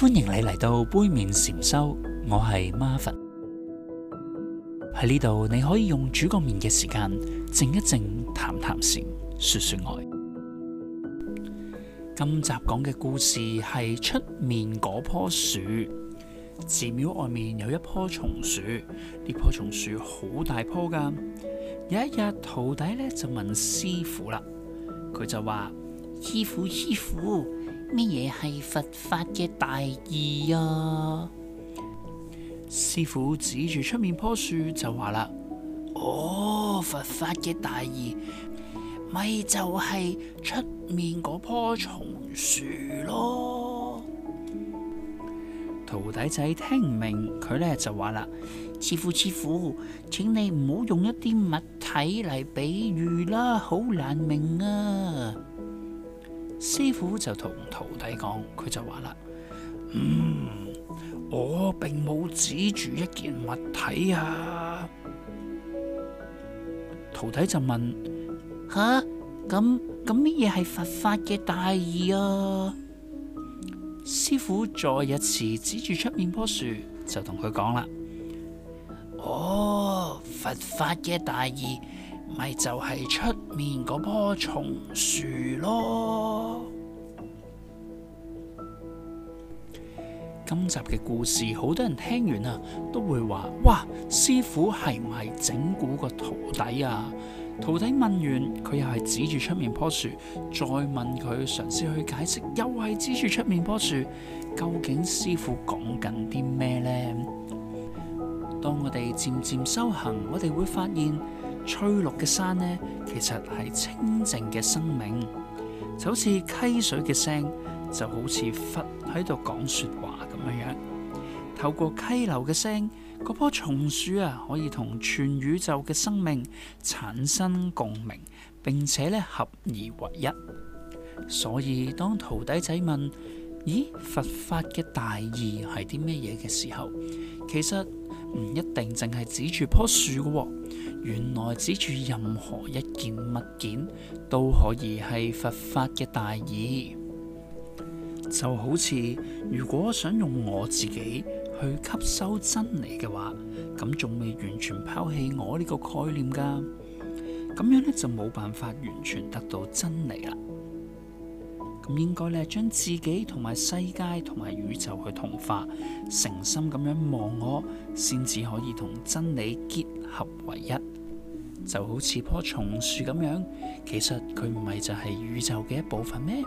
歡迎你嚟到杯麵禪修，我係 Marvin。喺呢度你可以用煮個麵嘅時間靜一靜，談談禪，說說愛。今集講嘅故事係出面嗰棵樹。寺廟外面有一棵松樹，呢棵松樹好大棵噶。有一日，徒弟咧就問師父啦，佢就話：師父，師父。乜嘢係佛法嘅大義啊？師父指住出面棵樹就話啦：，哦，佛法嘅大義咪就係出面嗰棵松樹咯。徒弟仔聽唔明，佢呢就話啦：，師父，師父，請你唔好用一啲物體嚟比喻啦，好難明啊！師父就同徒弟講，佢就話啦：，嗯，我並冇指住一件物體啊。徒弟就問：，吓，咁咁咩嘢係佛法嘅大義啊？師父再一次指住出面棵樹，就同佢講啦：，哦，佛法嘅大義。咪就係出面嗰棵松樹咯。今集嘅故事，好多人聽完啊，都會話：，哇，師父係唔係整蠱個徒弟啊？徒弟問完，佢又係指住出面棵樹，再問佢嘗試去解釋，又係指住出面棵樹。究竟師父講緊啲咩呢？當我哋漸漸修行，我哋會發現。吹綠嘅山呢，其實係清淨嘅生命，就好似溪水嘅聲，就好似佛喺度講說話咁樣樣。透過溪流嘅聲，嗰棵松樹啊，可以同全宇宙嘅生命產生共鳴，並且咧合二為一。所以當徒弟仔問：咦，佛法嘅大義係啲咩嘢嘅時候，其實。唔一定淨係指住棵樹噶喎，原來指住任何一件物件都可以係佛法嘅大義。就好似如果想用我自己去吸收真理嘅話，咁仲未完全拋棄我呢個概念噶，咁樣呢，就冇辦法完全得到真理啦。唔應該咧，將自己同埋世界同埋宇宙去同化，誠心咁樣忘我，先至可以同真理結合為一。就好似棵松樹咁樣，其實佢唔係就係宇宙嘅一部分咩？